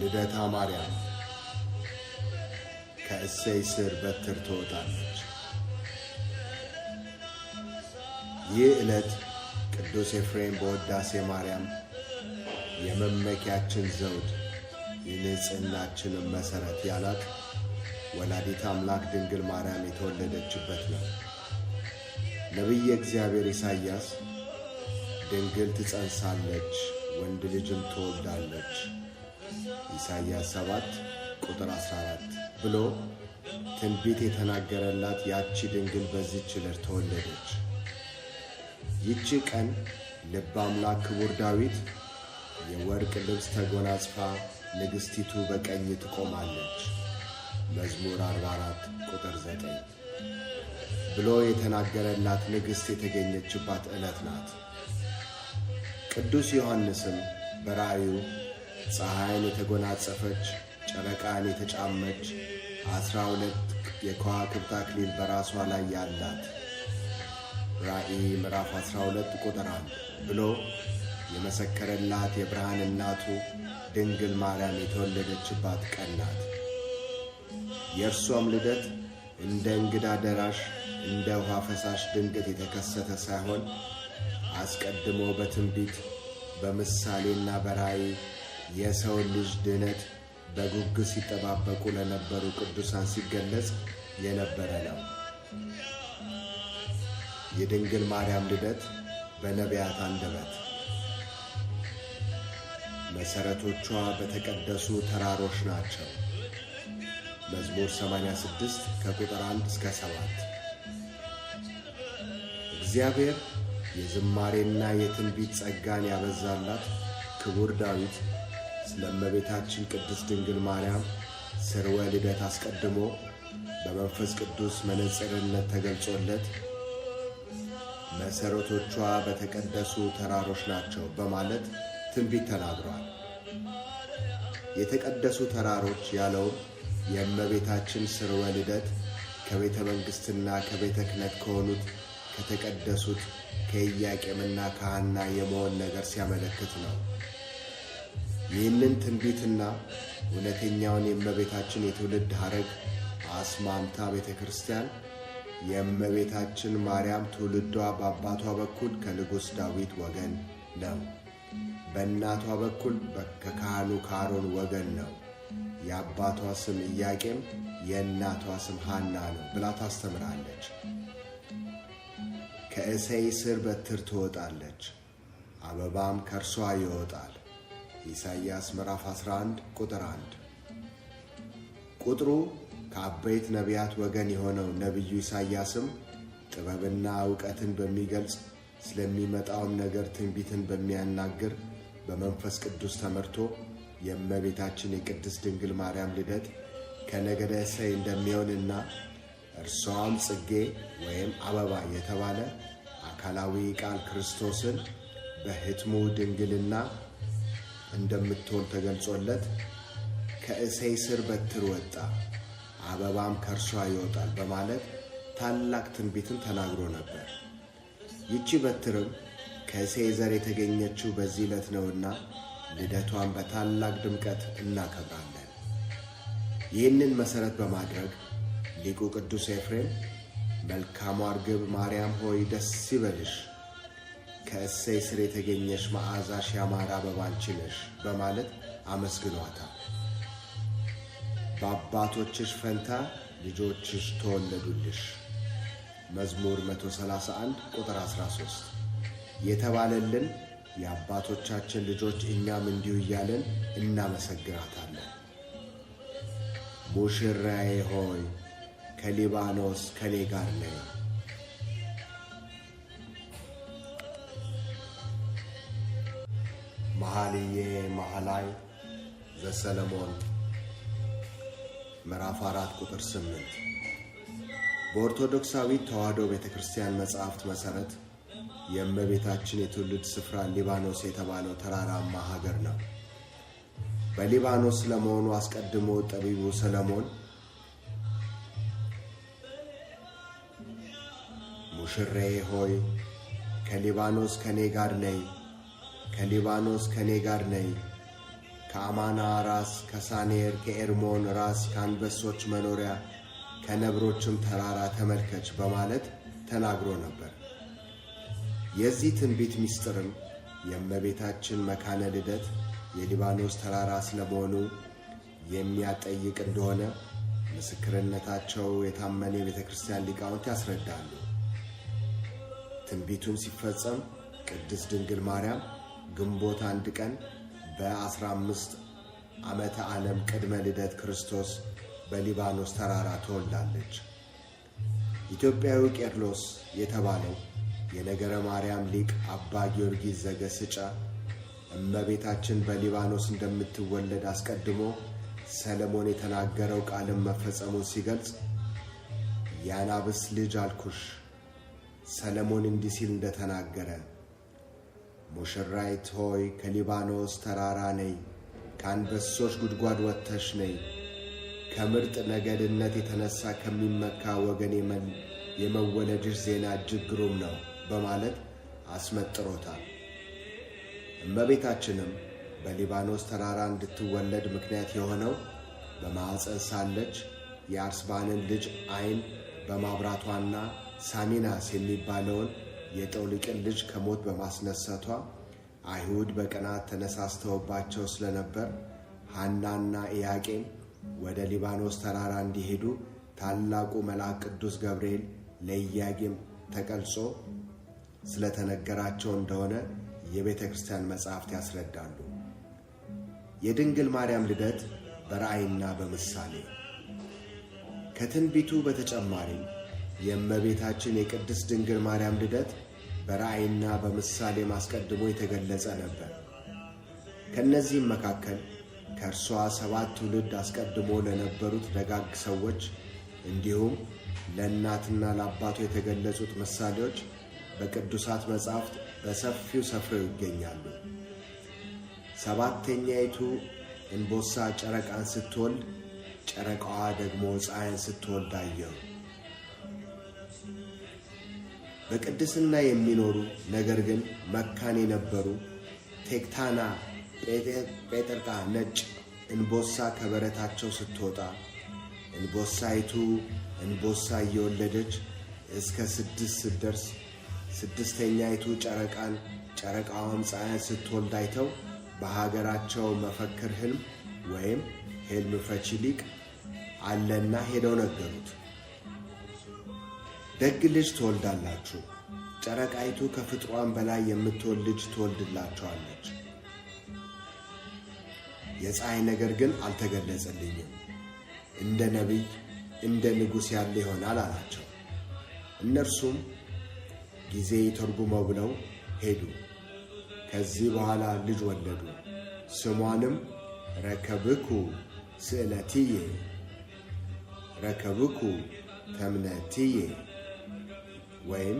ልደታ ማርያም ከእሴይ ስር በትር ትወጣለች። ይህ ዕለት ቅዱስ ኤፍሬም በወዳሴ ማርያም የመመኪያችን ዘውድ የንጽሕናችንን መሠረት ያላት ወላዲት አምላክ ድንግል ማርያም የተወለደችበት ነው። ነቢየ እግዚአብሔር ኢሳይያስ ድንግል ትጸንሳለች፣ ወንድ ልጅም ትወልዳለች ኢሳይያስ 7 ቁጥር 14 ብሎ ትንቢት የተናገረላት ያቺ ድንግል በዚህች ዕለት ተወለደች። ይቺ ቀን ልበ አምላክ ክቡር ዳዊት የወርቅ ልብስ ተጎናጽፋ ንግሥቲቱ በቀኝ ትቆማለች መዝሙር 44 ቁጥር 9 ብሎ የተናገረላት ንግሥት የተገኘችባት ዕለት ናት። ቅዱስ ዮሐንስም በራእዩ ፀሐይን የተጎናጸፈች ጨረቃን የተጫመች አስራ ሁለት የከዋክብት አክሊል በራሷ ላይ ያላት ራእይ ምዕራፍ 12 ቁጥር አንድ ብሎ የመሰከረላት የብርሃን እናቱ ድንግል ማርያም የተወለደችባት ቀን ናት። የእርሷም ልደት እንደ እንግዳ ደራሽ እንደ ውሃ ፈሳሽ ድንገት የተከሰተ ሳይሆን አስቀድሞ በትንቢት በምሳሌና በራእይ የሰው ልጅ ድነት በጉጉት ሲጠባበቁ ለነበሩ ቅዱሳን ሲገለጽ የነበረ ነው። የድንግል ማርያም ልደት በነቢያት አንደበት መሠረቶቿ በተቀደሱ ተራሮች ናቸው። መዝሙር 86 ከቁጥር 1 እስከ 7። እግዚአብሔር የዝማሬና የትንቢት ጸጋን ያበዛላት ክቡር ዳዊት ለእመቤታችን ቅድስት ድንግል ማርያም ስርወ ልደት አስቀድሞ በመንፈስ ቅዱስ መነጽርነት ተገልጾለት መሠረቶቿ በተቀደሱ ተራሮች ናቸው በማለት ትንቢት ተናግሯል። የተቀደሱ ተራሮች ያለውም የእመቤታችን ስርወ ልደት ከቤተ መንግሥትና ከቤተ ክህነት ከሆኑት ከተቀደሱት ከኢያቄምና ከሐና የመሆን ነገር ሲያመለክት ነው። ይህንን ትንቢትና እውነተኛውን የእመቤታችን የትውልድ ሐረግ አስማምታ ቤተ ክርስቲያን የእመቤታችን ማርያም ትውልዷ በአባቷ በኩል ከንጉሥ ዳዊት ወገን ነው። በእናቷ በኩል ከካህኑ ከአሮን ወገን ነው። የአባቷ ስም ኢያቄም የእናቷ ስም ሐና ነው ብላ ታስተምራለች። ከእሴይ ስር በትር ትወጣለች፣ አበባም ከእርሷ ይወጣል። ኢሳይያስ ምዕራፍ 11 ቁጥር 1። ቁጥሩ ከአበይት ነቢያት ወገን የሆነው ነቢዩ ኢሳይያስም ጥበብና እውቀትን በሚገልጽ ስለሚመጣውም ነገር ትንቢትን በሚያናግር በመንፈስ ቅዱስ ተመርቶ የእመቤታችን የቅድስት ድንግል ማርያም ልደት ከነገደ እሴይ እንደሚሆንና እርሷም ጽጌ ወይም አበባ የተባለ አካላዊ ቃል ክርስቶስን በሕትሙ ድንግልና እንደምትሆን ተገልጾለት ከእሴይ ስር በትር ወጣ፣ አበባም ከእርሷ ይወጣል በማለት ታላቅ ትንቢትን ተናግሮ ነበር። ይቺ በትርም ከእሴይ ዘር የተገኘችው በዚህ ዕለት ነውና ልደቷን በታላቅ ድምቀት እናከብራለን። ይህንን መሠረት በማድረግ ሊቁ ቅዱስ ኤፍሬም መልካሟ እርግብ ማርያም ሆይ ደስ ይበልሽ ከእሴይ ስር የተገኘሽ መዓዛሽ ያማረ አበባ አንቺ ነሽ በማለት አመስግኗታል። በአባቶችሽ ፈንታ ልጆችሽ ተወለዱልሽ መዝሙር 131 ቁጥር 13 የተባለልን የአባቶቻችን ልጆች እኛም እንዲሁ እያለን እናመሰግናታለን። ሙሽራዬ ሆይ ከሊባኖስ ከኔ ጋር ነይ መኃልየ መኃልይ ዘሰሎሞን ምዕራፍ አራት ቁጥር ስምንት በኦርቶዶክሳዊት ተዋሕዶ ቤተ ክርስቲያን መጻሕፍት መሠረት የእመቤታችን የትውልድ ስፍራ ሊባኖስ የተባለው ተራራማ ሀገር ነው። በሊባኖስ ለመሆኑ አስቀድሞ ጠቢቡ ሰለሞን ሙሽሬ ሆይ ከሊባኖስ ከእኔ ጋር ነይ ከሊባኖስ ከኔ ጋር ነይ፣ ከአማና ራስ፣ ከሳኔር፣ ከኤርሞን ራስ፣ ከአንበሶች መኖሪያ፣ ከነብሮችም ተራራ ተመልከች በማለት ተናግሮ ነበር። የዚህ ትንቢት ምስጢርም የእመቤታችን መካነ ልደት የሊባኖስ ተራራ ስለመሆኑ የሚያጠይቅ እንደሆነ ምስክርነታቸው የታመነ የቤተ ክርስቲያን ሊቃውንት ያስረዳሉ። ትንቢቱን ሲፈጸም ቅድስት ድንግል ማርያም ግንቦት አንድ ቀን በ15 ዓመተ ዓለም ቅድመ ልደት ክርስቶስ በሊባኖስ ተራራ ተወልዳለች። ኢትዮጵያዊ ቄርሎስ የተባለው የነገረ ማርያም ሊቅ አባ ጊዮርጊስ ዘገስጫ እመቤታችን በሊባኖስ እንደምትወለድ አስቀድሞ ሰለሞን የተናገረው ቃልም መፈጸሙን ሲገልጽ የአናብስ ልጅ አልኩሽ ሰለሞን እንዲህ ሲል እንደተናገረ ሙሽራይት ሆይ ከሊባኖስ ተራራ ነይ፣ ከአንበሶች ጉድጓድ ወጥተሽ ነይ። ከምርጥ ነገድነት የተነሳ ከሚመካ ወገን የመወለድሽ ዜና እጅግ ግሩም ነው በማለት አስመጥሮታል። እመቤታችንም በሊባኖስ ተራራ እንድትወለድ ምክንያት የሆነው በማዕፀን ሳለች የአርስባንን ልጅ ዓይን በማብራቷና ሳሚናስ የሚባለውን የጠውልቅን ልጅ ከሞት በማስነሳቷ አይሁድ በቅናት ተነሳስተውባቸው ስለነበር ሐናና ኢያቄም ወደ ሊባኖስ ተራራ እንዲሄዱ ታላቁ መልአክ ቅዱስ ገብርኤል ለኢያቄም ተቀልጾ ስለተነገራቸው እንደሆነ የቤተ ክርስቲያን መጻሕፍት ያስረዳሉ። የድንግል ማርያም ልደት በራእይና በምሳሌ ከትንቢቱ በተጨማሪም የእመቤታችን የቅድስት ድንግል ማርያም ልደት በራእይና በምሳሌ አስቀድሞ የተገለጸ ነበር። ከእነዚህም መካከል ከእርሷ ሰባት ትውልድ አስቀድሞ ለነበሩት ደጋግ ሰዎች እንዲሁም ለእናትና ለአባቱ የተገለጹት ምሳሌዎች በቅዱሳት መጻሕፍት በሰፊው ሰፍረው ይገኛሉ። ሰባተኛይቱ እንቦሳ ጨረቃን ስትወልድ፣ ጨረቃዋ ደግሞ ፀሐይን ስትወልድ አየሁ። በቅድስና የሚኖሩ ነገር ግን መካን የነበሩ ቴክታና ጴጠርቃ ነጭ እንቦሳ ከበረታቸው ስትወጣ እንቦሳይቱ እንቦሳ እየወለደች እስከ ስድስት ስትደርስ ስድስተኛይቱ ጨረቃን ጨረቃዋን ፀሐይን ስትወልድ አይተው በሀገራቸው መፈክር ህልም ወይም ሄልም ፈቺ ሊቅ አለና ሄደው ነገሩት። ደግ ልጅ ትወልዳላችሁ፣ ጨረቃይቱ ከፍጥሯን በላይ የምትወልድ ልጅ ትወልድላቸዋለች። የፀሐይ ነገር ግን አልተገለጸልኝም፣ እንደ ነቢይ እንደ ንጉሥ ያለ ይሆናል አላቸው። እነርሱም ጊዜ ተርጉመው ብለው ሄዱ። ከዚህ በኋላ ልጅ ወለዱ። ስሟንም ረከብኩ ስዕለትዬ፣ ረከብኩ ተምነትዬ ወይም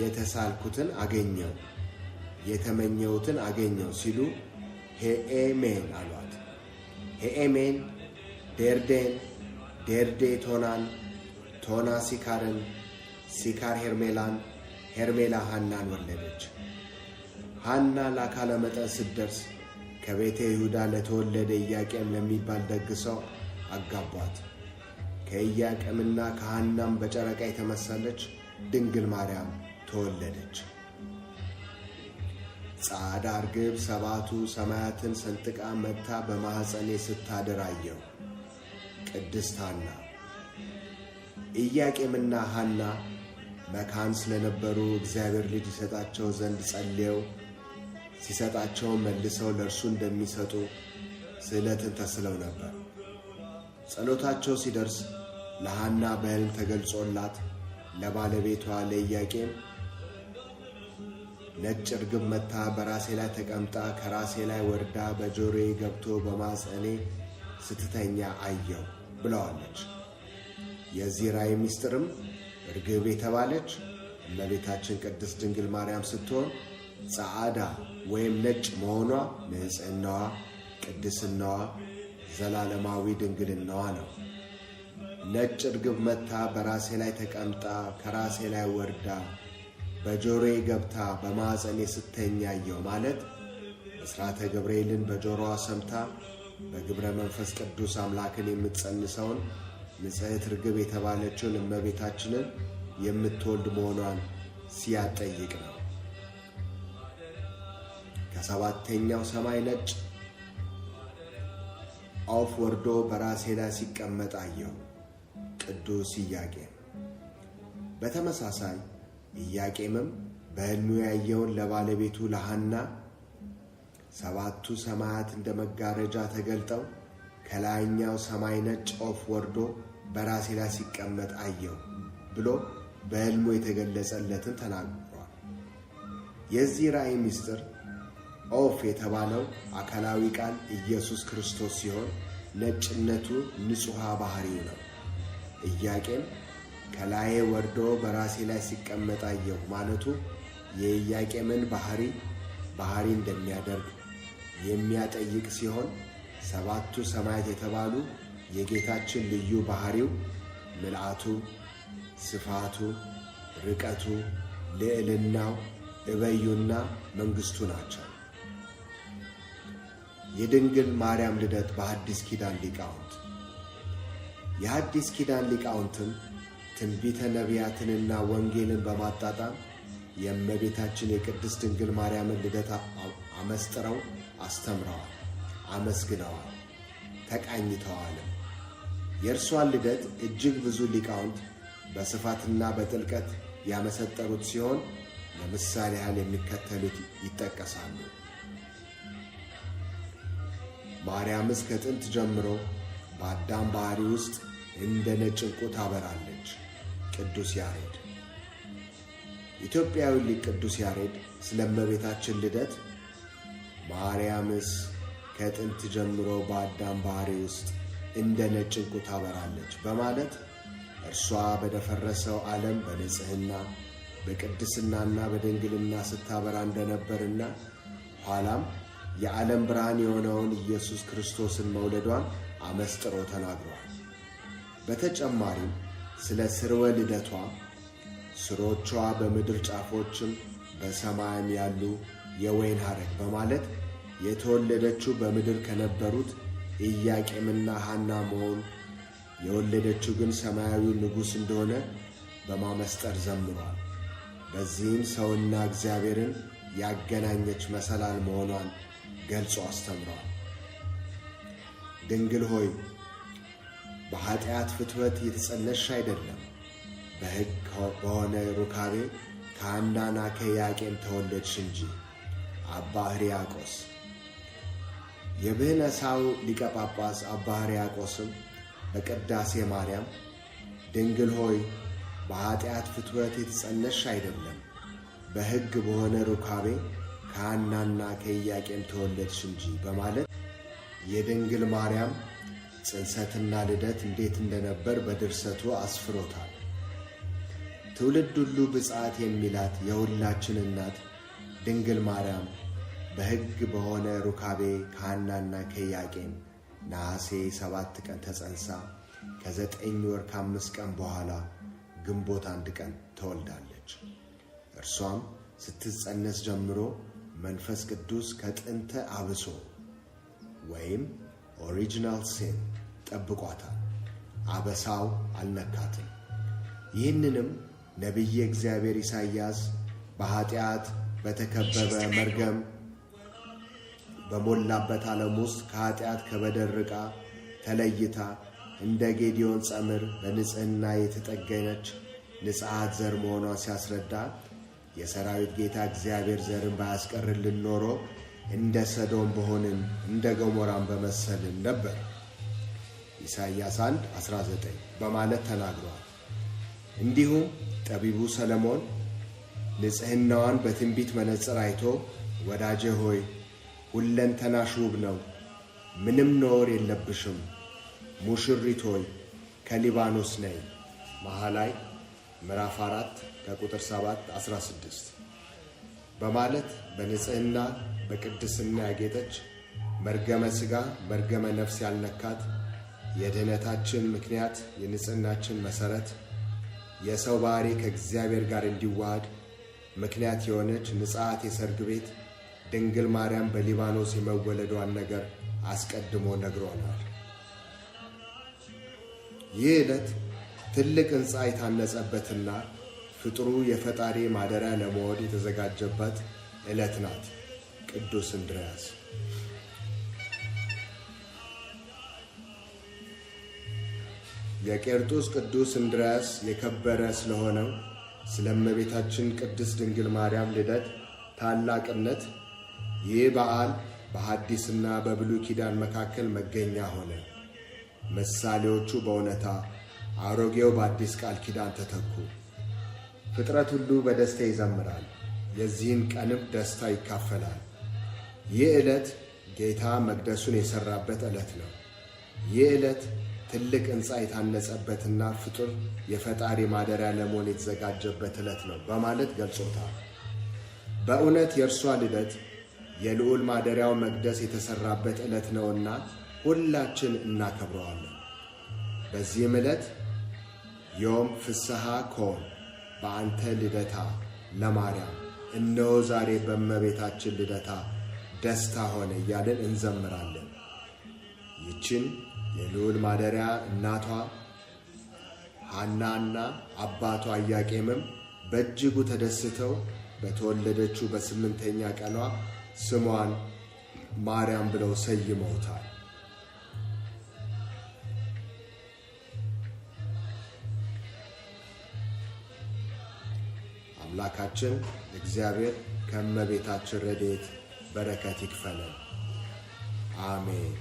የተሳልኩትን አገኘው፣ የተመኘሁትን አገኘው ሲሉ ሄኤሜን አሏት። ሄኤሜን ዴርዴን፣ ዴርዴ ቶናን፣ ቶና ሲካርን፣ ሲካር ሄርሜላን፣ ሄርሜላ ሃናን ወለደች። ሃና ለአካለ መጠን ስትደርስ ከቤተ ይሁዳ ለተወለደ ኢያቄም ለሚባል ደግ ሰው አጋቧት። ከኢያቄምና ከሃናም በጨረቃ የተመሰለች ድንግል ማርያም ተወለደች። ጻዕዳ ርግብ ሰባቱ ሰማያትን ሰንጥቃ መጥታ በማኅፀኔ ስታድር አየሁ። ቅድስት ሐና ኢያቄምና ሐና መካን ስለነበሩ እግዚአብሔር ልጅ ይሰጣቸው ዘንድ ጸልየው ሲሰጣቸው መልሰው ለእርሱ እንደሚሰጡ ስዕለትን ተስለው ነበር። ጸሎታቸው ሲደርስ ለሐና በሕልም ተገልጾላት ለባለቤቷ ለኢያቄም ነጭ እርግብ መታ በራሴ ላይ ተቀምጣ ከራሴ ላይ ወርዳ በጆሮዬ ገብቶ በማፀኔ ስትተኛ አየው ብለዋለች። የዚህ ራእይ ምስጢርም እርግብ የተባለች እመቤታችን ቅድስት ድንግል ማርያም ስትሆን ጸዓዳ ወይም ነጭ መሆኗ ንጽህናዋ፣ ቅድስናዋ፣ ዘላለማዊ ድንግልናዋ ነው። ነጭ ርግብ መታ በራሴ ላይ ተቀምጣ ከራሴ ላይ ወርዳ በጆሮ ገብታ በማኅፀኔ ስተኛየው ማለት ብስራተ ገብርኤልን በጆሮዋ ሰምታ በግብረ መንፈስ ቅዱስ አምላክን የምትጸንሰውን ንጽሕት ርግብ የተባለችውን እመቤታችንን የምትወልድ መሆኗን ሲያጠይቅ ነው። ከሰባተኛው ሰማይ ነጭ አውፍ ወርዶ በራሴ ላይ ሲቀመጥ አየው። ቅዱስ ኢያቄም። በተመሳሳይ ኢያቄምም በሕልሙ ያየውን ለባለቤቱ ለሐና ሰባቱ ሰማያት እንደ መጋረጃ ተገልጠው ከላይኛው ሰማይ ነጭ ወፍ ወርዶ በራሴ ላይ ሲቀመጥ አየሁ ብሎ በሕልሙ የተገለጸለትን ተናግሯል። የዚህ ራእይ ምስጢር ኦፍ የተባለው አካላዊ ቃል ኢየሱስ ክርስቶስ ሲሆን ነጭነቱ ንጹሐ ባህሪው ነው። እያቄም ከላዬ ወርዶ በራሴ ላይ ሲቀመጥ አየሁ ማለቱ የእያቄምን ባህሪ ባህሪ እንደሚያደርግ የሚያጠይቅ ሲሆን ሰባቱ ሰማያት የተባሉ የጌታችን ልዩ ባህሪው ምልአቱ፣ ስፋቱ፣ ርቀቱ፣ ልዕልናው፣ እበዩና መንግስቱ ናቸው። የድንግል ማርያም ልደት በአዲስ ኪዳን ሊቃውንት የአዲስ ኪዳን ሊቃውንትም ትንቢተ ነቢያትንና ወንጌልን በማጣጣም የእመቤታችን የቅድስት ድንግል ማርያምን ልደት አመስጥረው አስተምረዋል፣ አመስግነዋል፣ ተቃኝተዋልም። የእርሷን ልደት እጅግ ብዙ ሊቃውንት በስፋትና በጥልቀት ያመሰጠሩት ሲሆን ለምሳሌ ያህል የሚከተሉት ይጠቀሳሉ። ማርያምስ ከጥንት ጀምሮ በአዳም ባህሪ ውስጥ እንደ ነጭ እንቁ ታበራለች። ቅዱስ ያሬድ። ኢትዮጵያዊ ሊቅ ቅዱስ ያሬድ ስለ እመቤታችን ልደት ማርያምስ ከጥንት ጀምሮ በአዳም ባህሪ ውስጥ እንደ ነጭ እንቁ ታበራለች በማለት እርሷ በደፈረሰው ዓለም በንጽህና በቅድስናና በድንግልና ስታበራ እንደነበርና ኋላም የዓለም ብርሃን የሆነውን ኢየሱስ ክርስቶስን መውለዷን አመስጥሮ ተናግሯል። በተጨማሪም ስለ ስርወ ልደቷ ስሮቿ በምድር ጫፎችም በሰማይም ያሉ የወይን ሐረግ በማለት የተወለደችው በምድር ከነበሩት ኢያቄምና ሐና መሆን የወለደችው ግን ሰማያዊው ንጉሥ እንደሆነ በማመስጠር ዘምሯል። በዚህም ሰውና እግዚአብሔርን ያገናኘች መሰላል መሆኗን ገልጾ አስተምሯል። ድንግል ሆይ በኃጢአት ፍትወት የተጸነሽ አይደለም። በሕግ በሆነ ሩካቤ ከአንዳና ከያቄም ተወለድሽ እንጂ። አባ ሕርያቆስ የብህነሳው ሊቀ ጳጳስ አባ ሕርያቆስም በቅዳሴ ማርያም ድንግል ሆይ በኃጢአት ፍትወት የተጸነሽ አይደለም፣ በሕግ በሆነ ሩካቤ ከአናና ከኢያቄም ተወለድሽ እንጂ በማለት የድንግል ማርያም ጽንሰትና ልደት እንዴት እንደነበር በድርሰቱ አስፍሮታል። ትውልድ ሁሉ ብጻት የሚላት የሁላችን እናት ድንግል ማርያም በሕግ በሆነ ሩካቤ ከሐናና ከኢያቄም ነሐሴ ሰባት ቀን ተጸንሳ ከዘጠኝ ወር ከአምስት ቀን በኋላ ግንቦት አንድ ቀን ተወልዳለች። እርሷም ስትጸነስ ጀምሮ መንፈስ ቅዱስ ከጥንተ አብሶ ወይም ኦሪጂናል ሴን ጠብቋታል፣ አበሳው አልነካትም። ይህንንም ነቢይ እግዚአብሔር ኢሳይያስ በኃጢአት በተከበበ መርገም በሞላበት ዓለም ውስጥ ከኃጢአት ከበደል ርቃ ተለይታ እንደ ጌዲዮን ጸምር በንጽሕና የተጠገነች ንጽሐት ዘር መሆኗን ሲያስረዳ የሰራዊት ጌታ እግዚአብሔር ዘርን ባያስቀርልን ኖሮ እንደ ሰዶም በሆንን እንደ ገሞራም በመሰልን ነበር ኢሳይያስ 1 19 በማለት ተናግሯል እንዲሁም ጠቢቡ ሰለሞን ንጽህናዋን በትንቢት መነጽር አይቶ ወዳጄ ሆይ ሁለንተናሽ ውብ ነው፣ ምንም ነውር የለብሽም፣ ሙሽሪት ሆይ ከሊባኖስ ነይ መሐላይ ምዕራፍ 4 ከቁጥር 7 16 በማለት በንጽህና በቅድስና ያጌጠች መርገመ ስጋ መርገመ ነፍስ ያልነካት የድህነታችን ምክንያት የንጽህናችን መሰረት የሰው ባህሪ ከእግዚአብሔር ጋር እንዲዋሃድ ምክንያት የሆነች ንጽሐት የሰርግ ቤት ድንግል ማርያም በሊባኖስ የመወለዷን ነገር አስቀድሞ ነግሮናል። ይህ ዕለት ትልቅ ሕንፃ የታነጸበትና ፍጥሩ የፈጣሪ ማደሪያ ለመሆን የተዘጋጀበት ዕለት ናት። ቅዱስ እንድርያስ የቄርጡስ ቅዱስ እንድርያስ የከበረ ስለሆነው ስለ እመቤታችን ቅድስት ድንግል ማርያም ልደት ታላቅነት ይህ በዓል በሐዲስና በብሉይ ኪዳን መካከል መገኛ ሆነ። ምሳሌዎቹ በእውነታ አሮጌው በአዲስ ቃል ኪዳን ተተኩ። ፍጥረት ሁሉ በደስታ ይዘምራል፣ የዚህን ቀንም ደስታ ይካፈላል። ይህ ዕለት ጌታ መቅደሱን የሠራበት ዕለት ነው። ይህ ዕለት ትልቅ ሕንፃ የታነጸበትና ፍጡር የፈጣሪ ማደሪያ ለመሆን የተዘጋጀበት ዕለት ነው በማለት ገልጾታል። በእውነት የእርሷ ልደት የልዑል ማደሪያው መቅደስ የተሠራበት ዕለት ነውና ሁላችን እናከብረዋለን። በዚህም ዕለት ዮም ፍስሐ ኮን በአንተ ልደታ ለማርያም እነሆ ዛሬ በእመቤታችን ልደታ ደስታ ሆነ እያለን እንዘምራለን። ይችን የልዑል ማደሪያ እናቷ ሐናና አባቷ ኢያቄምም በእጅጉ ተደስተው በተወለደችው በስምንተኛ ቀኗ ስሟን ማርያም ብለው ሰይመውታል። አምላካችን እግዚአብሔር ከመቤታችን ረድኤት በረከት ይክፈለን። አሜን።